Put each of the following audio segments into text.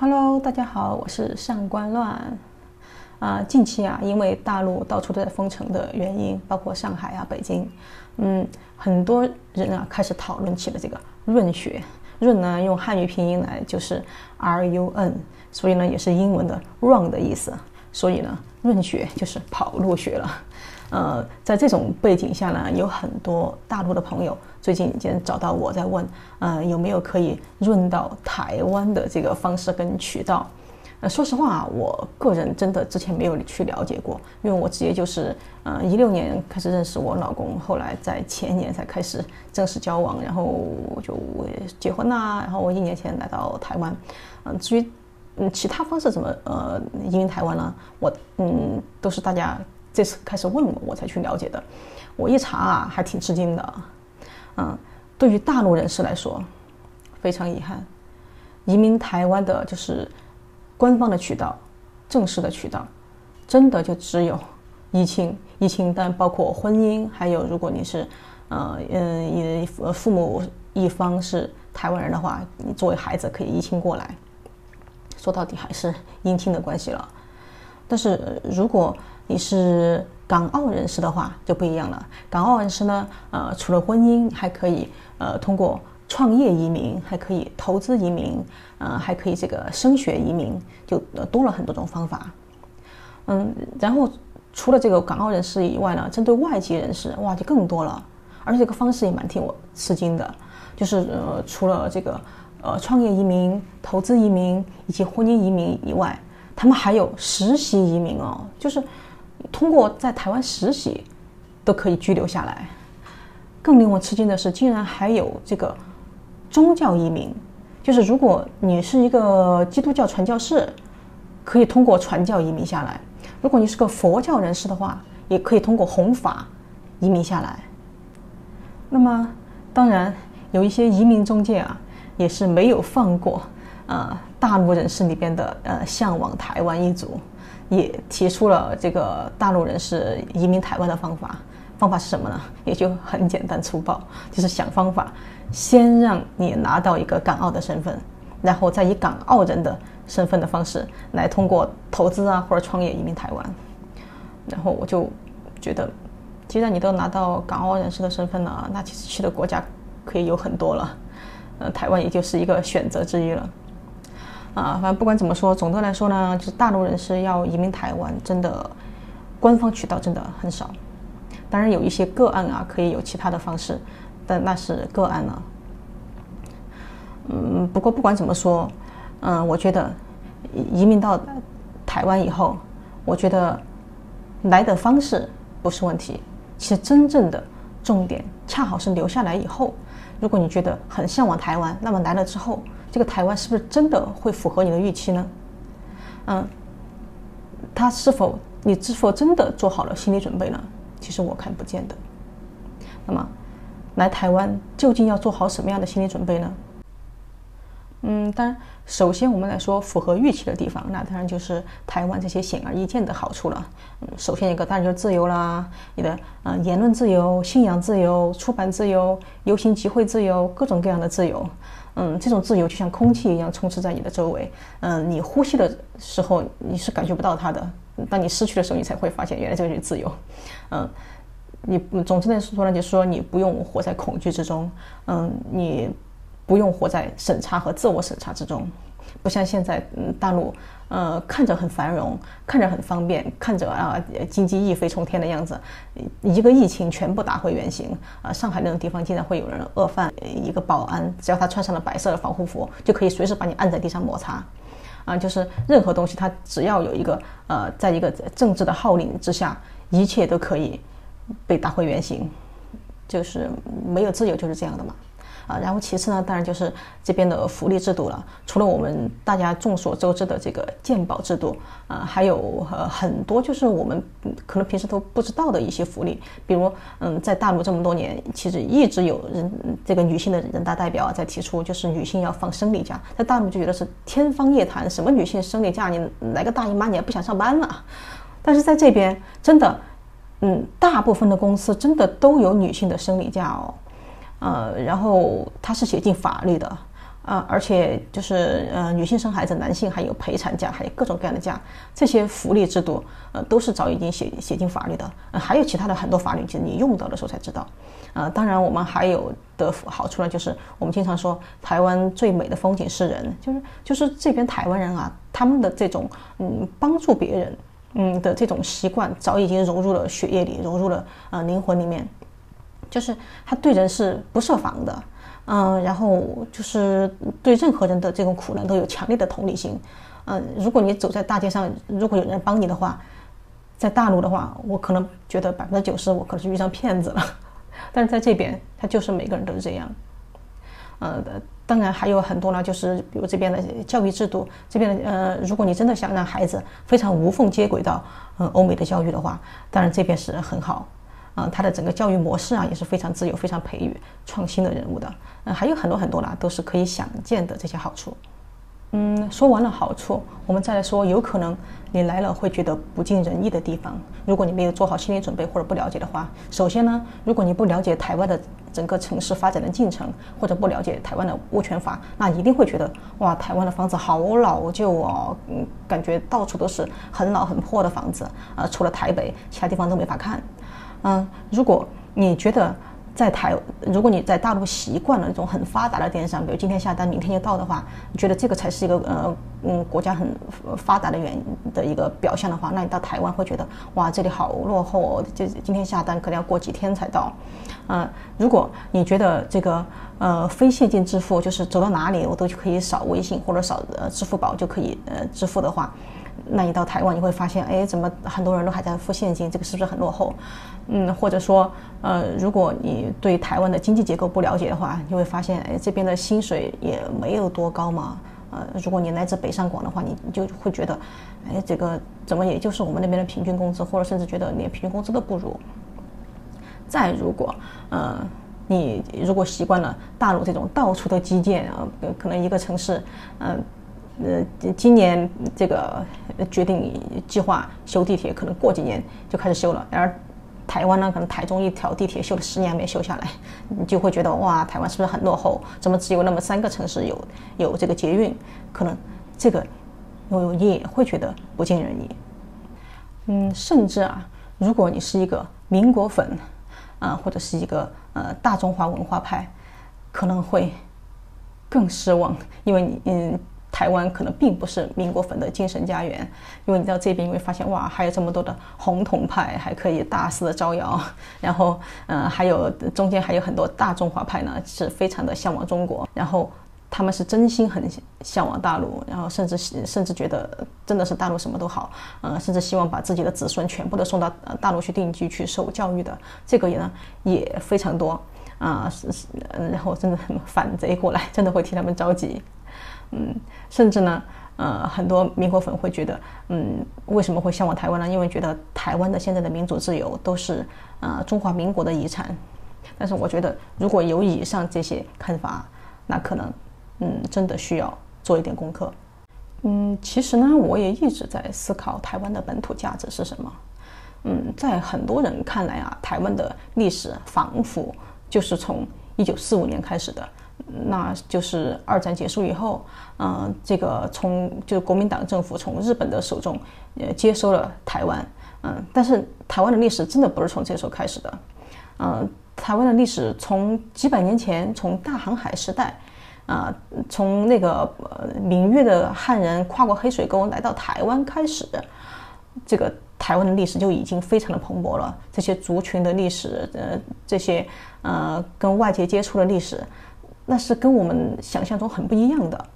Hello，大家好，我是上官亂。啊，uh，近期啊，因為大陸到處都在封城的原因，包括上海啊、北京，嗯，很多人啊開始討論起了這個潤學，潤呢，用漢語拼音來就是 R U N，所以呢，也是英文的 run 的意思。所以呢，潤學就是跑路學了。呃，在這種背景下呢，有很多大陸的朋友最近已經找到我在問，呃，有沒有可以潤到台灣的這個方式跟渠道？呃，說實話啊，我個人真的之前沒有去了解過，因為我直接就是，呃，一六年開始認識我老公，後來在前年才開始正式交往，然後就結婚啦，然後我一年前來到台灣，嗯、呃，至於嗯，其他方式怎麼呃移民台灣呢？我嗯都是大家，這次開始問我，我才去了解的。我一查啊，還挺吃驚的。嗯，對於大陸人士來說，非常遺憾，移民台灣的就是官方的渠道、正式的渠道，真的就只有依親、依親。但包括婚姻，還有如果你是，呃嗯，以父母一方是台灣人的話，你作為孩子可以依親過來。說到底還是姻親的關係了。但是如果你是港澳人士的話，就不一樣了。港澳人士呢，呃，除了婚姻，還可以呃通過創業移民，還可以投資移民，呃，還可以這個升學移民，就、呃、多了很多種方法。嗯，然後除了這個港澳人士以外呢，針對外籍人士，哇，就更多了，而且這個方式也蠻替我吃驚的，就是呃，除了這個呃創業移民、投資移民以及婚姻移民以外，他們還有實習移民哦，就是。通過在台灣實習，都可以居留下來。更令我吃驚的是，竟然還有這個宗教移民，就是如果你是一個基督教傳教士，可以通過傳教移民下來；如果你是個佛教人士的話，也可以通過弘法移民下來。那麼，當然有一些移民中介啊，也是沒有放過呃、啊、大陸人士裡邊的呃向往台灣一族。也提出了這個大陸人士移民台灣的方法，方法是什麼呢？也就很簡單粗暴，就是想方法先讓你拿到一個港澳的身份，然後再以港澳人的身份的方式來通過投資啊或者創業移民台灣。然後我就覺得，既然你都拿到港澳人士的身份了，那其實去的國家可以有很多了，呃，台灣也就是一個選擇之一了。啊，反正不管怎麼說，總的來說呢，就是大陸人是要移民台灣，真的官方渠道，真的很少。當然有一些個案啊，可以有其他的方式，但那是個案了啊。嗯，不過不管怎麼說，嗯，我覺得移民到台灣以後，我覺得來的方式不是問題。其實真正的重點，恰好是留下來以後。如果你覺得很嚮往台灣，那麼來了之後。這個台灣是不是真的會符合你的預期呢？嗯，他是否你是否真的做好了心理準備呢？其實我看不見得。那麼，來台灣究竟要做好什麼樣的心理準備呢？嗯，當然，首先我們來說符合預期的地方，那當然就是台灣這些顯而易見的好處了。嗯，首先一個當然就是自由啦，你的嗯，呃，言論自由、信仰自由、出版自由、遊行集會自由，各種各樣的自由。嗯，這種自由就像空氣一樣充斥在你的周圍。嗯，你呼吸的時候，你是感覺不到它的，當你失去的時候，你才會發現原來這個就是自由。嗯，你總之來說呢，就是說你不用活在恐懼之中。嗯，你不用活在審查和自我審查之中。不像現在，嗯，大陸，呃，看着很繁榮，看着很方便，看着啊、呃，經濟一飛沖天的樣子，一個疫情全部打回原形啊、呃！上海那種地方竟然會有人餓飯，一個保安只要他穿上了白色的防護服，就可以隨時把你按在地上摩擦，啊、呃，就是任何東西，它只要有一個呃，在一個政治的號令之下，一切都可以被打回原形，就是沒有自由，就是這樣的嘛。啊，然後其次呢，當然就是這邊的福利制度了。除了我們大家眾所周知的這個健保制度，啊，還有呃很多就是我們可能平時都不知道的一些福利，比如嗯，在大陸這麼多年，其實一直有人這個女性的人大代表啊在提出，就是女性要放生理假，在大陸就覺得是天方夜譚，什麼女性生理假，你來個大姨媽你還不想上班呢。但是在這邊真的，嗯，大部分的公司真的都有女性的生理假哦。呃，然後它是寫進法律的，啊、呃，而且就是呃，女性生孩子，男性還有陪產假，還有各種各樣的假，這些福利制度，呃，都是早已經寫寫進法律的。呃，還有其他的很多法律，其實你用到的時候才知道。呃，當然我們還有的好處呢，就是我們經常說台灣最美的風景是人，就是就是這邊台灣人啊，他們的這種嗯幫助別人，嗯的這種習慣，早已經融入了血液裡，融入了呃靈魂裡面。就是他對人是不設防的，嗯、呃，然後就是對任何人的這種苦難都有強烈的同理心，嗯、呃，如果你走在大街上，如果有人幫你的話，在大陸的話，我可能覺得百分之九十我可能是遇上騙子了，但是在這邊，他就是每個人都是這樣，呃，當然還有很多呢，就是比如這邊的教育制度，這邊的呃，如果你真的想讓孩子非常無縫接軌到嗯、呃、歐美的教育的話，當然這邊是很好。嗯，它的整個教育模式啊也是非常自由，非常培育創新的人物的。嗯、呃，還有很多很多啦，都是可以想見的這些好處。嗯，說完了好處，我們再來說有可能你來了會覺得不盡人意的地方。如果你沒有做好心理準備或者不了解的話，首先呢，如果你不了解台灣的整個城市發展的進程，或者不了解台灣的物權法，那一定會覺得哇，台灣的房子好老舊哦，嗯，感覺到處都是很老很破的房子啊、呃，除了台北，其他地方都沒法看。嗯，如果你覺得在臺，如果你在大陸習慣了那種很發達的電商，比如今天下單，明天就到的話，你覺得這個才是一個呃嗯，國家很發達的原因的一個表象的話，那你到台灣會覺得哇，這裡好落後哦，就今天下單可能要過幾天才到。嗯、呃，如果你覺得這個呃非現金支付，就是走到哪裡我都可以掃微信或者掃呃支付寶就可以呃支付的話，那你到台灣你會發現，哎，怎麼很多人都還在付現金，這個是不是很落後？嗯，或者說呃，如果你對台灣的經濟結構不了解的話，你會發現，哎，這邊的薪水也沒有多高嘛。呃，如果你來自北上廣的話，你你就會覺得，哎，這個怎麼也就是我們那邊的平均工資，或者甚至覺得連平均工資都不如。再如果，呃，你如果習慣了大陸這種到處的基建，呃，可能一個城市，呃，呃，今年這個決定計劃修地鐵，可能過幾年就開始修了，然而。台灣呢，可能台中一條地鐵修了十年沒修下來，你就會覺得哇，台灣是不是很落後？怎麼只有那麼三個城市有有這個捷運？可能這個，你也會覺得不盡人意。嗯，甚至啊，如果你是一個民國粉，啊，或者是一個呃大中華文化派，可能會更失望，因為你嗯。台灣可能並不是民國粉的精神家園，因為你到這邊你會發現，哇，還有這麼多的紅統派還可以大肆的招搖，然後，嗯、呃，還有中間還有很多大中華派呢，是非常的向往中國，然後他們是真心很向往大陸，然後甚至甚至覺得真的是大陸什麼都好，呃，甚至希望把自己的子孫全部都送到大陸去定居去受教育的，這個也呢也非常多。啊，是是，然後真的很反賊過來，真的會替他們着急，嗯，甚至呢，呃，很多民國粉會覺得，嗯，為什麼會向往台灣呢？因為覺得台灣的現在的民主自由都是呃中華民國的遺產，但是我覺得如果有以上這些看法，那可能，嗯，真的需要做一點功課，嗯，其實呢，我也一直在思考台灣的本土價值是什麼，嗯，在很多人看來啊，台灣的歷史彷彿。就是從一九四五年開始的，那就是二戰結束以後，嗯、呃，這個從就國民黨政府從日本的手中，呃，接收了台灣，嗯、呃，但是台灣的歷史真的不是從這時候開始的，嗯、呃，台灣的歷史從幾百年前，從大航海時代，啊、呃，從那個呃，閩粵的漢人跨過黑水溝來到台灣開始，這個。台灣的歷史就已經非常的蓬勃了，這些族群的歷史，呃，這些呃跟外界接觸的歷史，那是跟我們想象中很不一樣的。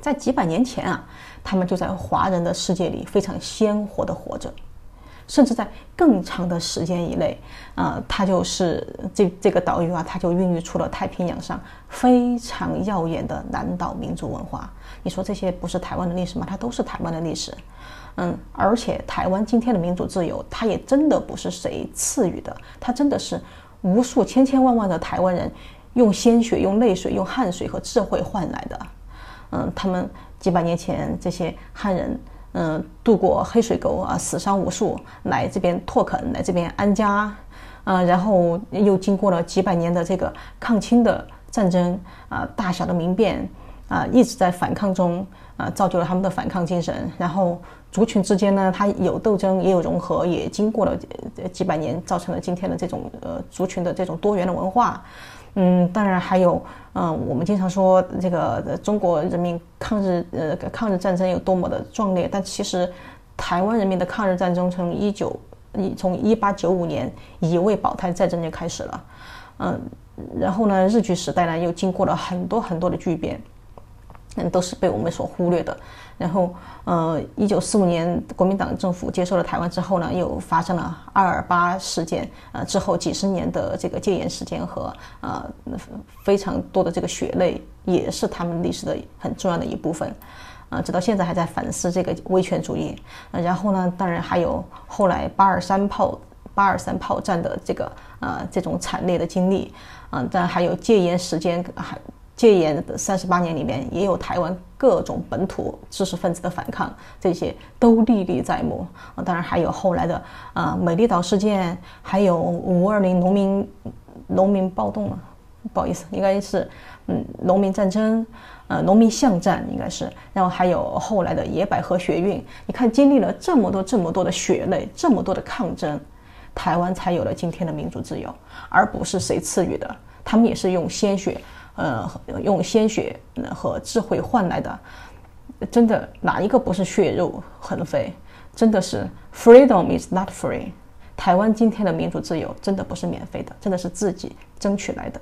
在幾百年前啊，他們就在華人的世界裡非常鮮活的活着，甚至在更長的時間以內，啊、呃，它就是這這個島嶼啊，它就孕育出了太平洋上非常耀眼的南島民族文化。你說這些不是台灣的歷史嗎？它都是台灣的歷史。嗯，而且台灣今天的民主自由，它也真的不是誰賜予的，它真的是無數千千萬萬的台灣人用鮮血、用淚水、用汗水和智慧換來的。嗯，他們幾百年前這些漢人，嗯，渡過黑水溝啊，死傷無數，來這邊拓墾，來這邊安家，嗯、啊，然後又經過了幾百年的這個抗清的戰爭啊，大小的民變啊，一直在反抗中啊，造就了他們的反抗精神，然後。族群之間呢，它有鬥爭，也有融合，也經過了幾百年，造成了今天的這種呃族群的這種多元的文化。嗯，當然還有，嗯，我們經常說這個中國人民抗日呃抗日戰爭有多麼的壯烈，但其實台灣人民的抗日戰爭從一九一從一八九五年乙未保臺戰爭就開始了，嗯，然後呢，日據時代呢又經過了很多很多的劇變，嗯，都是被我們所忽略的。然後，呃，一九四五年國民黨政府接收了台灣之後呢，又發生了二二八事件，呃，之後幾十年的這個戒嚴時間和呃非常多的這個血淚，也是他們歷史的很重要的一部分，啊、呃，直到現在還在反思這個威權主義。呃、然後呢，當然還有後來八二三炮八二三炮戰的這個呃這種慘烈的經歷，啊、呃，但還有戒嚴時間還。啊戒嚴的三十八年裡面，也有台灣各種本土知識分子的反抗，這些都歷歷在目啊，當然還有後來的啊美麗島事件，還有五二零農民農民暴動了啊，不好意思，應該是嗯農民戰爭，呃，啊，農民巷戰應該是，然後還有後來的野百合學運。你看，經歷了這麼多這麼多的血淚，這麼多的抗爭，台灣才有了今天的民主自由，而不是誰賜予的。他們也是用鮮血。呃，用鮮血和智慧換來的，真的哪一個不是血肉橫飛？真的是 Freedom is not free。台灣今天的民主自由真的不是免費的，真的是自己爭取來的。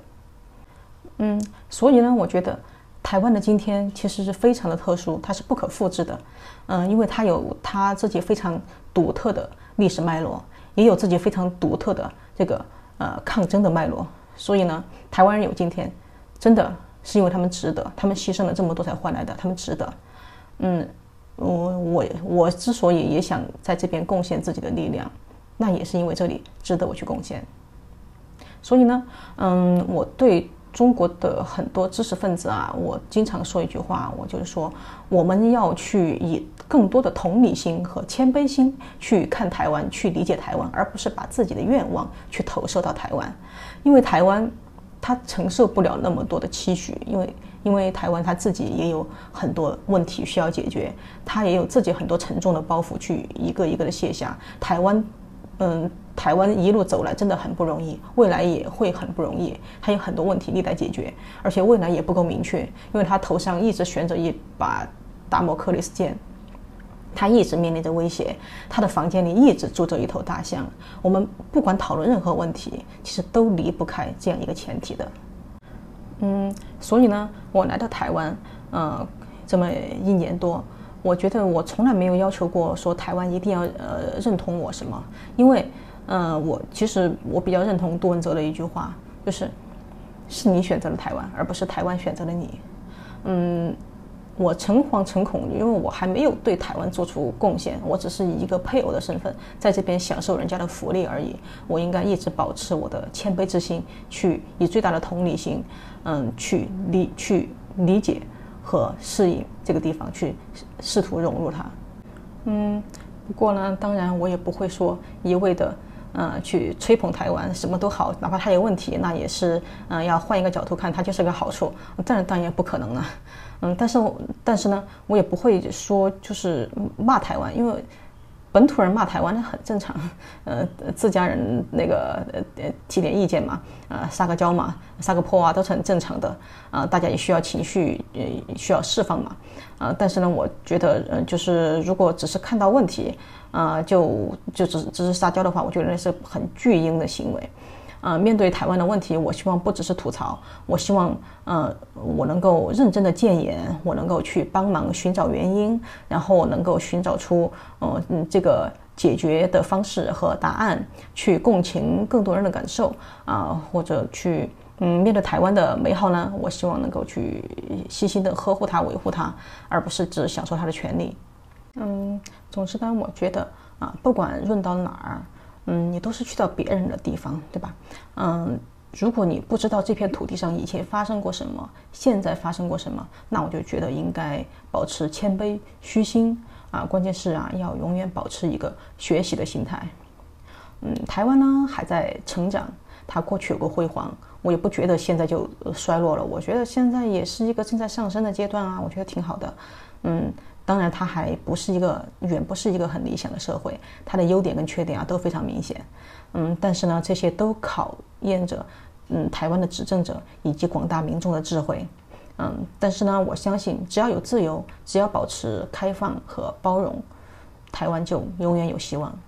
嗯，所以呢，我覺得台灣的今天其實是非常的特殊，它是不可複製的。嗯，因為它有它自己非常獨特的歷史脈絡，也有自己非常獨特的這個呃抗爭的脈絡。所以呢，台灣人有今天。真的是因為他們值得，他們犧牲了這麼多才換來的，他們值得。嗯，我我我之所以也想在這邊貢獻自己的力量，那也是因為這裡值得我去貢獻。所以呢，嗯，我對中國的很多知識分子啊，我經常說一句話，我就是說，我們要去以更多的同理心和謙卑心去看台灣，去理解台灣，而不是把自己的願望去投射到台灣，因為台灣。他承受不了那麼多的期許，因為因為台灣他自己也有很多問題需要解決，他也有自己很多沉重的包袱去一個一個的卸下。台灣，嗯，台灣一路走來真的很不容易，未來也會很不容易，還有很多問題亟待解決，而且未來也不夠明確，因為他頭上一直懸着一把達摩克利斯劍。他一直面臨着威脅，他的房間裡一直住着一頭大象。我們不管討論任何問題，其實都離不開這樣一個前提的。嗯，所以呢，我來到台灣，呃，這麼一年多，我覺得我從來沒有要求過說台灣一定要呃認同我什麼，因為，呃，我其實我比較認同杜汶澤的一句話，就是，是你選擇了台灣，而不是台灣選擇了你。嗯。我誠惶誠恐，因為我還沒有對台灣做出貢獻，我只是以一個配偶的身份在這邊享受人家的福利而已。我應該一直保持我的謙卑之心，去以最大的同理心，嗯，去理去理解和適應這個地方，去試圖融入它。嗯，不過呢，當然我也不會說一味的。嗯、呃，去吹捧台灣什麼都好，哪怕他有問題，那也是嗯、呃，要換一個角度看，它就是個好處。當然，當然也不可能了。嗯，但是我但是呢，我也不會說就是罵台灣，因為。本土人罵台灣那很正常，呃，自家人那個呃提點意見嘛，啊、呃，撒個嬌嘛，撒個潑啊，都是很正常的，啊、呃，大家也需要情緒也需要釋放嘛，啊、呃，但是呢，我覺得呃就是如果只是看到問題，啊、呃，就就只是只是撒嬌的話，我覺得那是很巨嬰的行為。呃，面對台灣的問題，我希望不只是吐槽，我希望，嗯、呃，我能夠認真的建言，我能夠去幫忙尋找原因，然後能夠尋找出，嗯、呃、嗯，這個解決的方式和答案，去共情更多人的感受啊、呃，或者去，嗯，面對台灣的美好呢，我希望能夠去細心的呵護它、維護它，而不是只享受它的權利。嗯，總之呢，我覺得啊，不管潤到哪兒。嗯，你都是去到別人的地方，對吧？嗯，如果你不知道這片土地上以前發生過什麼，現在發生過什麼，那我就覺得應該保持謙卑、虛心啊。關鍵是啊，要永遠保持一個學習的心態。嗯，台灣呢還在成長，它過去有過輝煌，我也不覺得現在就衰落了。我覺得現在也是一個正在上升的階段啊，我覺得挺好的。嗯。當然，它還不是一個遠，不是一個很理想的社會，它的優點跟缺點啊都非常明顯。嗯，但是呢，這些都考驗着，嗯，台灣的執政者以及廣大民眾的智慧。嗯，但是呢，我相信只要有自由，只要保持開放和包容，台灣就永遠有希望。